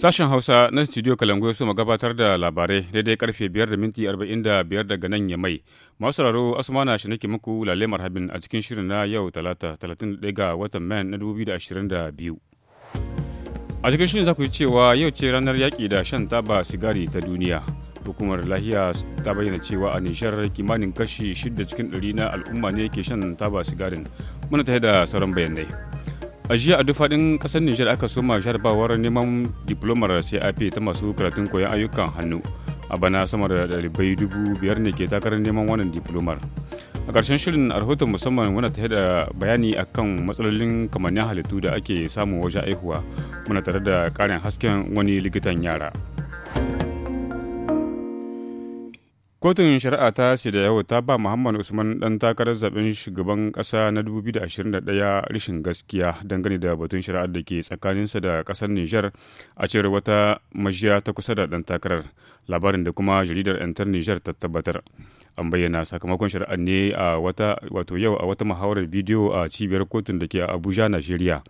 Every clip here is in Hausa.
Sashen Hausa na Studio Kalango su gabatar da labarai daidai karfe 5 da minti 45 daga nan ya mai. Masu sauraro Asmana shi nake muku lale marhabin a cikin shirin na yau talata 31 ga watan Mayan na 2022. A cikin shirin za ku yi cewa yau ce ranar yaƙi da shan taba sigari ta duniya. Hukumar lahiya ta bayyana cewa a nishar kimanin kashi 6 cikin 100 na al'umma ne ke shan taba sigarin. Muna tare da sauran bayanai. a jiya a duk faɗin ƙasar nijar aka soma jarabawar neman diplomar cap ta masu karatun koyon ayyukan hannu a bana sama da ɗalibai dubu biyar ne ke takarar neman wannan diplomar a ƙarshen shirin a rahoton musamman muna tare da bayani kan matsalolin kamannin halittu da ake samu wajen aihuwa muna tare da ƙarin hasken wani likitan yara Kotun shari'a ta da yau ta ba Muhammad Usman dan takarar zaben shugaban kasa na 2021 rishin gaskiya dangane da batun shari'ar da ke tsakaninsa da kasar niger a cewar wata majiya ta kusa da dan takarar labarin da kuma jaridar ‘yantar niger ta tabbatar. An bayyana sakamakon shari'ar ne a wata wato yau a wata muhawarar bidiyo a cibiyar kotun da ke Abuja, nigeria.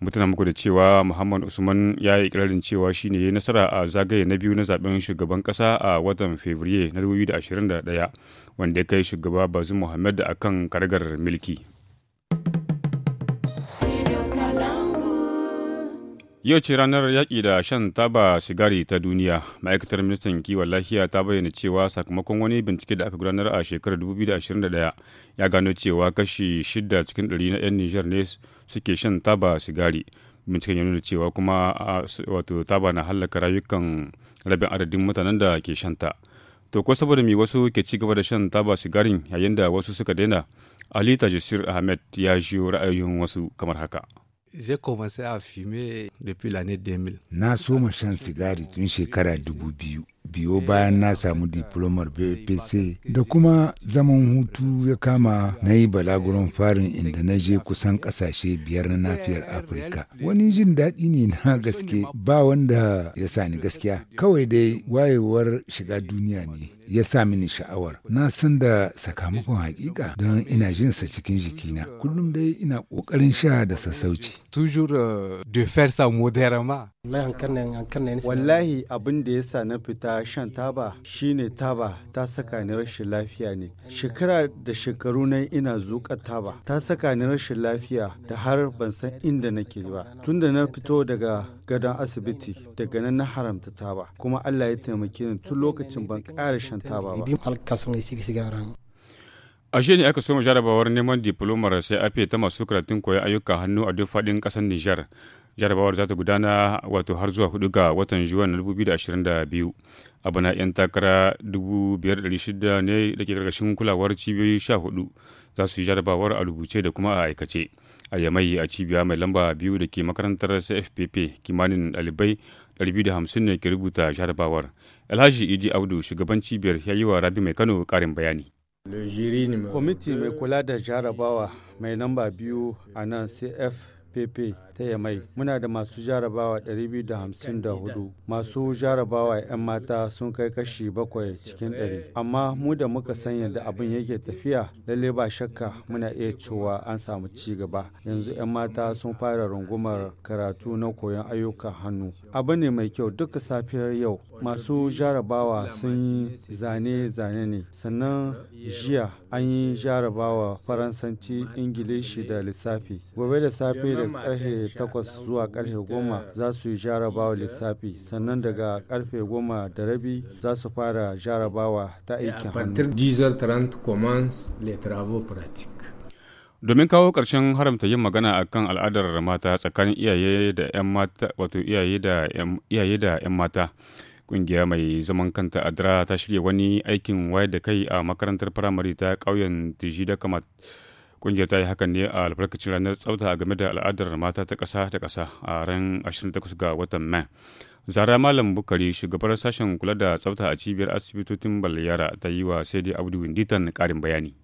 mutuna muku da cewa muhammad usman ya yi ikirarin cewa shi ne nasara a zagaye na biyu na zaben shugaban kasa a watan fevrier na 2021 wanda ya kai shugaba bazin muhammad a kan karagar milki Yau ce ranar yaƙi da shan taba sigari ta duniya. Ma'aikatar ministan kiwon lafiya ta bayyana cewa sakamakon wani bincike da aka gudanar a shekarar 2021 ya gano cewa kashi shida cikin ɗari na 'yan Nijar ne suke shan taba sigari. Binciken ya nuna cewa kuma wato taba na hallaka rayukan rabin adadin mutanen da ke shanta. To ko saboda mai wasu ke ci gaba da shan taba sigarin yayin da wasu suka daina? Ali Tajisir Ahmed ya shiyo ra'ayoyin wasu kamar haka. J'ai commencé à fumer depuis l'année 2000. Na soma shan sigari tun shekara dubu biyu. biyo eh, bayan na eh, samu eh, diplomar BPC da kuma zaman hutu ya kama na yi balaguron farin inda na je kusan kasashe biyar na nafiyar Afirka. Wani jin daɗi ne na gaske ba wanda ya sani gaskiya kawai dai wayewar shiga duniya ne. ya sa mini sha'awar na san da sakamakon hakika don ina jin sa cikin jikina kullum dai ina ƙoƙarin sha da sassauci toujours euh, de wallahi abin da ya sa na fita shan taba shine taba ta saka ni rashin lafiya ne shekara da shekaru na ina zuƙa taba ta saka ni rashin lafiya da har ban san inda nake ba tunda na fito daga gadon asibiti daga nan na haramta taba kuma allah ya taimake ni tun lokacin ban ƙara shan taba ba ashe ne aka soma jarabawar neman diplomar sai afe ta masu karatun koyon ayyukan hannu a duk faɗin ƙasar nijar jarabawar za ta gudana wato har zuwa hudu ga watan juwan 2022 abu na 'yan takara 5,600 ne da ke karkashin kulawar cibiyoyi 14 za su yi jarabawar a rubuce da kuma a aikace a yamai a cibiya mai lamba biyu da ke makarantar cfpp kimanin ɗalibai 250 ne ke rubuta jarabawar alhaji idi abdu shugaban cibiyar ya yi wa rabi mai kano karin bayani kwamiti mai kula da jarabawa mai lamba biyu a nan cfpp ta mai muna da masu jarabawa 254 masu jarabawa 'yan mata sun kai kashi bakwai cikin ɗari amma mu da muka san yadda abin yake tafiya lalle ba shakka muna iya cewa an samu ci gaba yanzu 'yan mata sun fara rungumar karatu na koyon ayyukan hannu abu ne mai kyau duka safiyar yau masu jarabawa sun yi zane-zane ne sannan jiya an yi jarabawa faransanci ingilishi da lissafi gobe da safe da karfe takwas zuwa karfe goma za su yi jarabawa lissafi sannan daga karfe goma da rabi za su fara jarabawa ta aikin hannu. domin kawo ƙarshen haramta yin magana a kan al'adar mata tsakanin iyaye da 'yan mata wato iyaye da 'yan mata ƙungiya mai zaman kanta adra ta shirya wani aikin wayar da kai a makarantar firamare ta ƙauyen da kamar. Kungiyar ta yi hakan ne a albarkacin ranar tsafta game da al'adar mata ta ƙasa da ƙasa a ran 28 ga watan Mai. Zara Malam Bukari, shugabar sashen kula da tsafta a cibiyar asibitocin Balyara ta yi wa Saidi Abdu Winditan ƙarin bayani.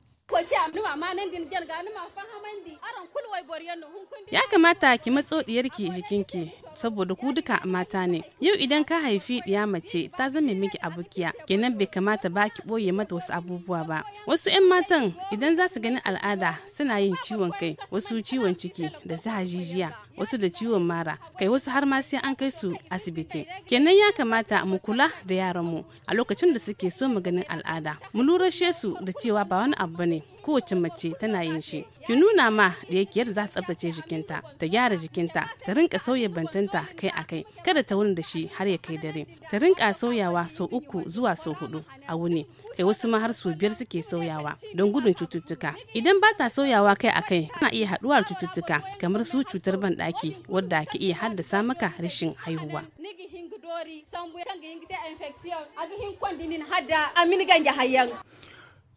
Ya kamata ki matso diyarki jikinki saboda ku duka mata ne yau idan ka haifi ɗiya mace ta zame miki abokiya kenan bai kamata ba ki ɓoye mata wasu abubuwa ba wasu 'yan matan idan za su ganin al'ada suna yin ciwon kai wasu ciwon ciki da su hajijiya wasu da ciwon mara kai wasu har ma sai an kai su asibiti kenan ya kamata mu kula da yaran mu, a lokacin da suke so mu ganin al'ada mu lura su da cewa ba wani abu ne kowace mace tana yin shi ki nuna ma da yake yadda za ta tsabtace jikinta ta gyara jikinta ta rinka sauya bantanta kai a kai kada ta wuni da shi har ya kai dare ta rinka sauyawa sau uku zuwa sau hudu a wuni kai wasu ma har sau biyar suke sauyawa don gudun cututtuka idan ba ta sauyawa kai a kai ana iya haduwar cututtuka kamar su cutar banɗaki wadda ke iya haddasa maka rashin haihuwa sambu kan ga infection a kwandinin hada amin ganja hayan.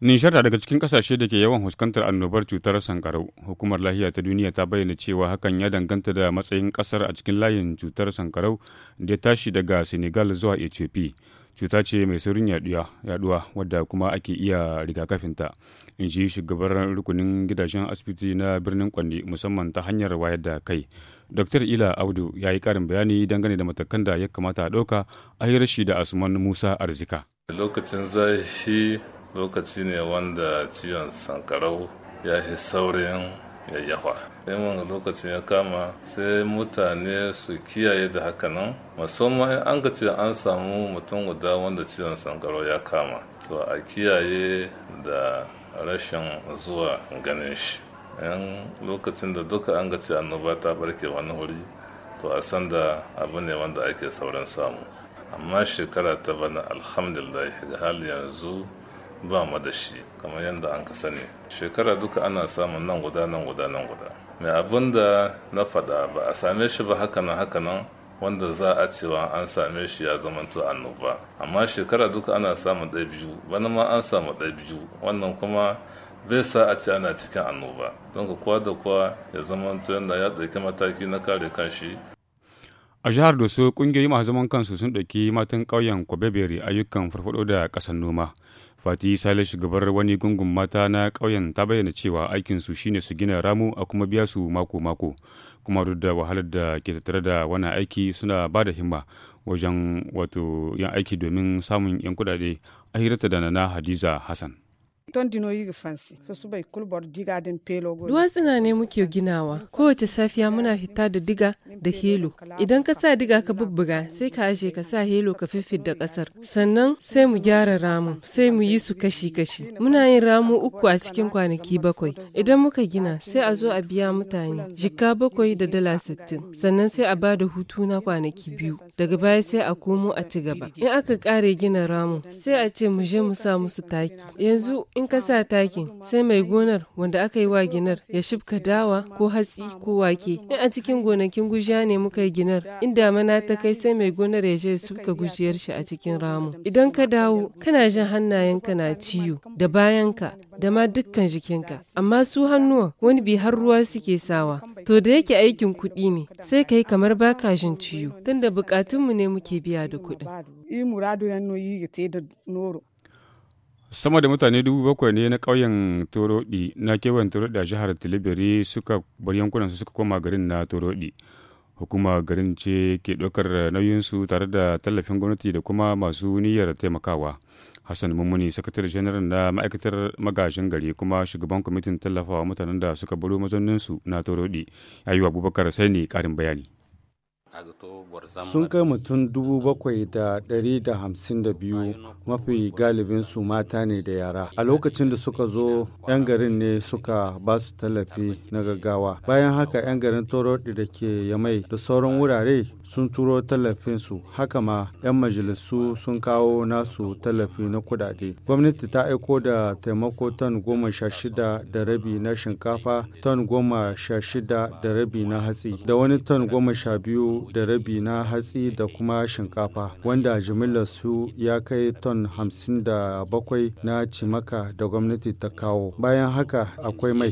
Nishar daga cikin kasashe da ke yawan fuskantar annobar cutar sankarau. Hukumar lahiya ta duniya ta bayyana cewa hakan ya danganta da matsayin kasar a cikin layin cutar sankarau da ya tashi daga Senegal zuwa Ethiopia. Cuta ce mai saurin yaduwa wadda kuma ake iya rigakafinta. In ji shugabar rukunin gidajen asibiti na birnin Kwande musamman ta hanyar wayar da kai. Dr. Ila Audu ya yi karin bayani dangane da matakan da ya kamata a ɗauka a rashi da Asuman Musa Arzika. Lokacin zafi lokaci ne wanda ciwon sankarau ya fi saurin yayyawa in wani lokacin ya kama sai mutane su kiyaye da hakanan musamman an ga ce an samu mutum guda wanda ciwon sankarau ya kama to a kiyaye da rashin zuwa ganin shi yan lokacin da duka an ga ce annoba ta barke wani wuri to a san da abu ne wanda ake sauran samu amma shekara ta bana alhamdulillah da hali yanzu ba mu da shi kamar yadda an ka sani shekara duka ana samun nan guda nan guda nan guda mai abin da na faɗa ba a same shi ba hakanan hakanan wanda za a cewa an same shi ya zamanto annoba amma shekara duka ana samun ɗaya biyu bana ma an samu ɗaya biyu wannan kuma bai sa a ce ana cikin annoba don ka kwa da kwa ya zamanto yadda ya ɗauki mataki na kare kanshi a jihar doso kungiyoyi masu zaman kansu sun ɗauki matan ƙauyen kwabebere ayyukan farfaɗo da ƙasar noma Fati Sale shugabar wani gungun mata na ƙauyen ta bayyana cewa aikinsu shine su gina ramu a kuma biya su mako-mako. Kuma duk da wahalar da ke tattare da wannan aiki suna ba da himma wajen wato yin aiki domin samun 'yan kudade a hirarta da na Hadiza Hassan. ton dino yi fansi so su bai kulbar diga din pelo go duwatsuna ne muke ginawa kowace safiya muna hita da diga da helo idan ka sa diga ka bubbuga sai ka aje ka sa helo ka da kasar sannan sai mu gyara ramu sai mu yi su kashi kashi muna yin ramu uku a cikin kwanaki bakwai idan muka gina sai a zo a biya mutane jika bakwai da dala sittin sannan sai a ba da hutu na kwanaki biyu daga baya sai a komo a ci gaba in aka kare gina ramu sai a ce mu je mu sa musu taki yanzu In ka sa takin sai mai gonar wanda aka yi wa ginar ya shibka dawa ko hatsi ko wake. In a cikin gonakin gujiya ne muka yi ginar in damana ta kai sai mai gonar ya je shibka gujiyar shi a cikin ramu. Idan ka dawo kana jin hannayenka na ciwo da bayanka da ma dukkan jikinka amma su hannuwa wani bi har ruwa suke sawa to da yake aikin kuɗi ne sai ka yi kamar baka jin ciwo tunda bukatunmu ne muke biya da kuɗin sama da mutane dubu bakwai ne na ƙauyen torodi na kewayen torodi a jihar tilibiri suka bar yankunan su suka koma garin na torodi hukuma garin ce ke ɗaukar nauyinsu tare da tallafin gwamnati da kuma masu niyyar taimakawa hassan mummuni sakatare janar na ma'aikatar magajin gari kuma shugaban kwamitin tallafawa mutanen da suka baro mazauninsu na torodi yayi abubakar sai ne ƙarin bayani sun kai mutum dubu bakwai da ɗari da hamsin da biyu mafi galibin su mata ne da yara a lokacin da suka zo 'yan garin ne suka ba su tallafi na gaggawa bayan haka 'yan garin torodi da ke yamai da sauran wurare sun turo tallafin su haka ma 'yan majalisu sun kawo nasu tallafi na kudade gwamnati ta aiko da taimako ton goma sha shida da rabi na shinkafa ton goma sha shida da rabi na hatsi da wani ton goma sha biyu da rabi na hatsi da kuma shinkafa wanda su ya kai ton hamsin da bakwai na cimaka da gwamnati ta kawo bayan haka akwai mai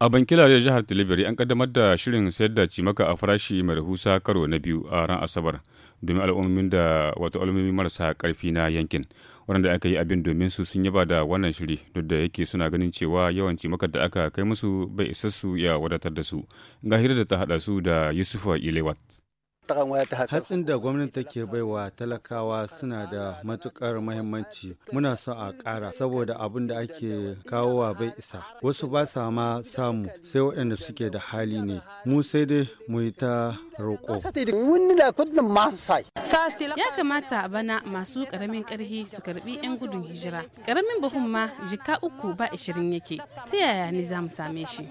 A bankila da jihar Tilibiri an kaddamar da shirin sayar da cimaka a farashi mai rahusa karo na biyu a ran Asabar domin al'ummomin da wato al'ummin marasa karfi na yankin. Waɗanda aka yi abin domin su sun yaba da wannan shiri duk da yake suna ganin cewa yawan cimakar da aka kai musu bai isa su ya wadatar da su. Ga hira da ta haɗa su da Yusufa Ilewat. Hatsin da gwamnati take baiwa talakawa suna da matukar mahimmanci. Muna so a ƙara saboda abin da ake kawowa bai isa. Wasu ba sa ma samu sai waɗanda suke da hali ne. Mu sai dai mu yi ta roƙo. Ya kamata a bana masu ƙaramin ƙarfi su karbi 'yan gudun hijira. Ƙaramin buhun ma jika uku ba ishirin yake. Ta yaya ni za mu same shi?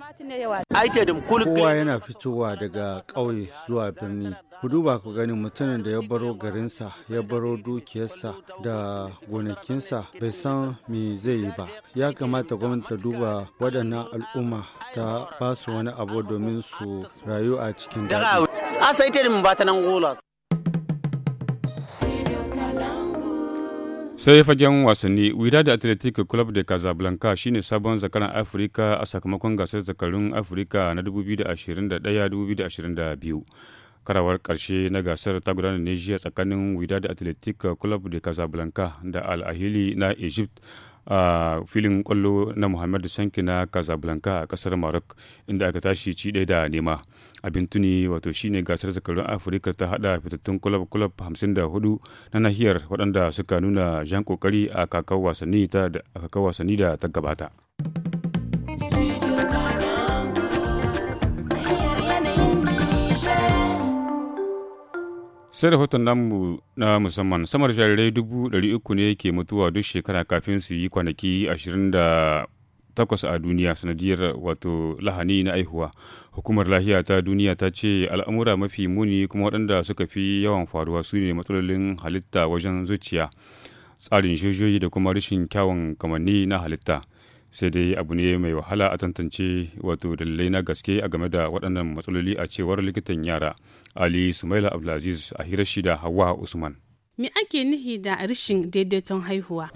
Kowa yana fitowa daga ƙauye zuwa birni. ku duba ku gani mutumin da ya baro garinsa ya baro dukiyarsa da gonakinsa bai san me zai yi ba ya kamata gwamnati ta duba waɗannan al'umma ta ba su wani abu domin su rayu a cikin sai fagen wasanni wida da atletic club de casablanca shine sabon zakaran afirka a sakamakon gasar zakarun afirka na 2022 karawar karshe na gasar ta gudana ne jiya tsakanin wida da atletic club de casablanca da al'ahili na egypt a filin kwallo na muhammad sanki na casablanca a kasar maroc inda aka tashi ci ɗaya da nema abin tuni wato shine gasar zakarun afirka ta hada fitattun kulab kulab 54 na nahiyar waɗanda suka nuna jan kokari a kakar wasanni da ta gabata. sai rahoton namu na musamman samar jarirai dubu ɗari uku ne ke mutuwa duk shekara kafin su yi kwanaki ashirin da takwas a duniya sanadiyar wato lahani na aihuwa hukumar lahiya ta duniya ta ce al'amura mafi muni kuma waɗanda suka fi yawan faruwa su ne matsalolin halitta wajen zuciya tsarin shoshoyi da kuma rashin kyawun kamanni na halitta sai dai abu ne mai wahala a tantance wato dalilai na gaske a game da waɗannan matsaloli a cewar likitan yara ali sumaila abdulaziz a hirar da hawa usman Me ake nihi da rashin daidaiton haihuwa?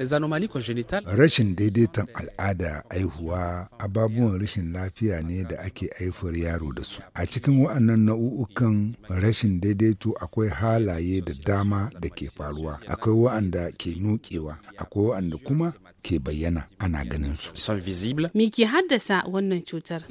Rashin daidaiton al'ada haihuwa ababuwan rashin lafiya ne da ake haifar yaro da su. A cikin waɗannan nau'ukan rashin daidaito akwai halaye da dama da ke faruwa. Akwai waɗanda ke nukewa, akwai waɗanda kuma ke bayyana ana ganin su. Me ke haddasa wannan cutar?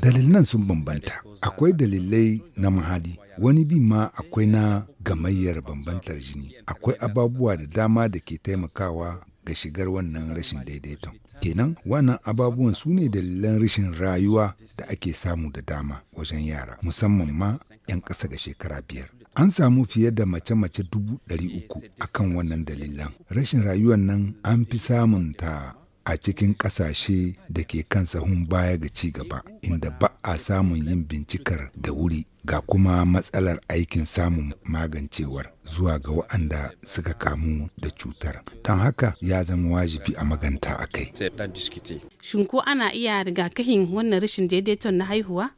Dalilan sun bambanta. Akwai dalilai na mahali, wani bi ma akwai na gamayyar bambantar jini. Akwai ababuwa da dama da ke taimakawa ga shigar wannan rashin daidaiton. Kenan wannan ababuwan su ne dalilan rashin rayuwa da ake samu da dama wajen yara, musamman ma 'yan ƙasa ga shekara biyar. An samu fiye da mace-mace dubu ɗari uku akan wannan dalilan. Rashin rayuwar nan an fi samun ta a cikin ƙasashe da ke kan sahun baya ga ci gaba inda ba a samun yin bincikar da wuri ga kuma matsalar aikin samun magancewar zuwa ga waɗanda suka kamu da cutar don haka ya zama wajibi a maganta a kai shin ko ana iya rigakafin wannan rashin daidaiton na haihuwa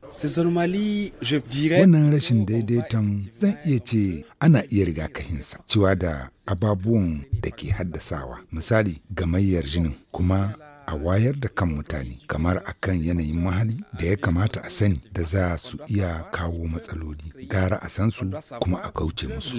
wannan rashin daidaiton zan iya ce ana iya rigakafinsa cewa da ababuwan da ke haddasawa misali ga gamayyar jinin kuma a wayar da kan mutane kamar a kan yanayin mahali da ya kamata a sani da za su iya kawo matsaloli gara a san su kuma a kauce musu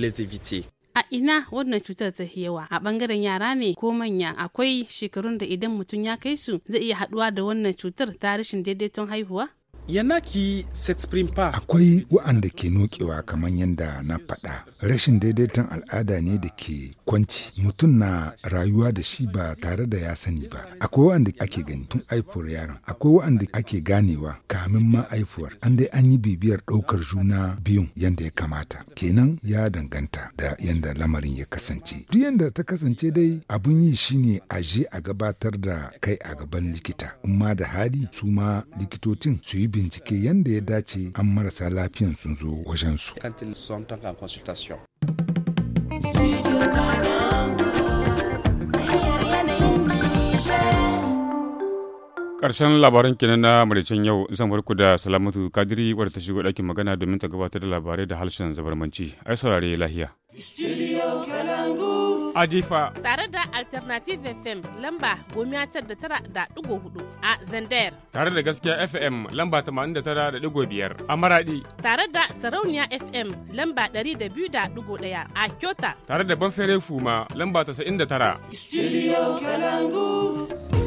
a ina wannan cutar ta yawa a bangaren yara ne ko manya akwai shekarun da idan mutum ya kai su zai iya haduwa da wannan cutar ta rashin daidaiton haihuwa Yanaki s'exprime pa. Akwai wa'anda ke nokewa kamar yadda na faɗa. Rashin daidaiton al'ada ne da ke kwanci. Mutum na rayuwa da shi ba tare da ya sani ba. Akwai wa'anda ake gani tun aifuwar yaron. Akwai wa'anda ake ganewa kamin ma aifuwar. An dai an yi bibiyar ɗaukar juna biyun yadda ya kamata. Kenan ya danganta da yadda lamarin ya kasance. Duk yadda ta kasance dai abun yi shine a je a gabatar da kai a gaban likita. Kuma da hali su ma likitocin su yi bincike yadda ya dace an marasa lafiyan sun zo wajen su. karshen labaran kenan na maricen yau zan barku da salamatu kadiri wadda ta shigo dakin magana domin ta gabatar da labarai da harshen zabarmanci ai saurare lahiya. Adifa. Tare da Alternative FM lamba goma tar da tara da ɗigo hudu a zander. Tare da gaskiya FM lamba tamanin da tara da ɗigo biyar a Maradi. Tare da Sarauniya FM lamba ɗari da biyu da ɗigo ɗaya a Kyota. Tare da Banfere Fuma lamba tasa'in da tara. Studio Kalangu.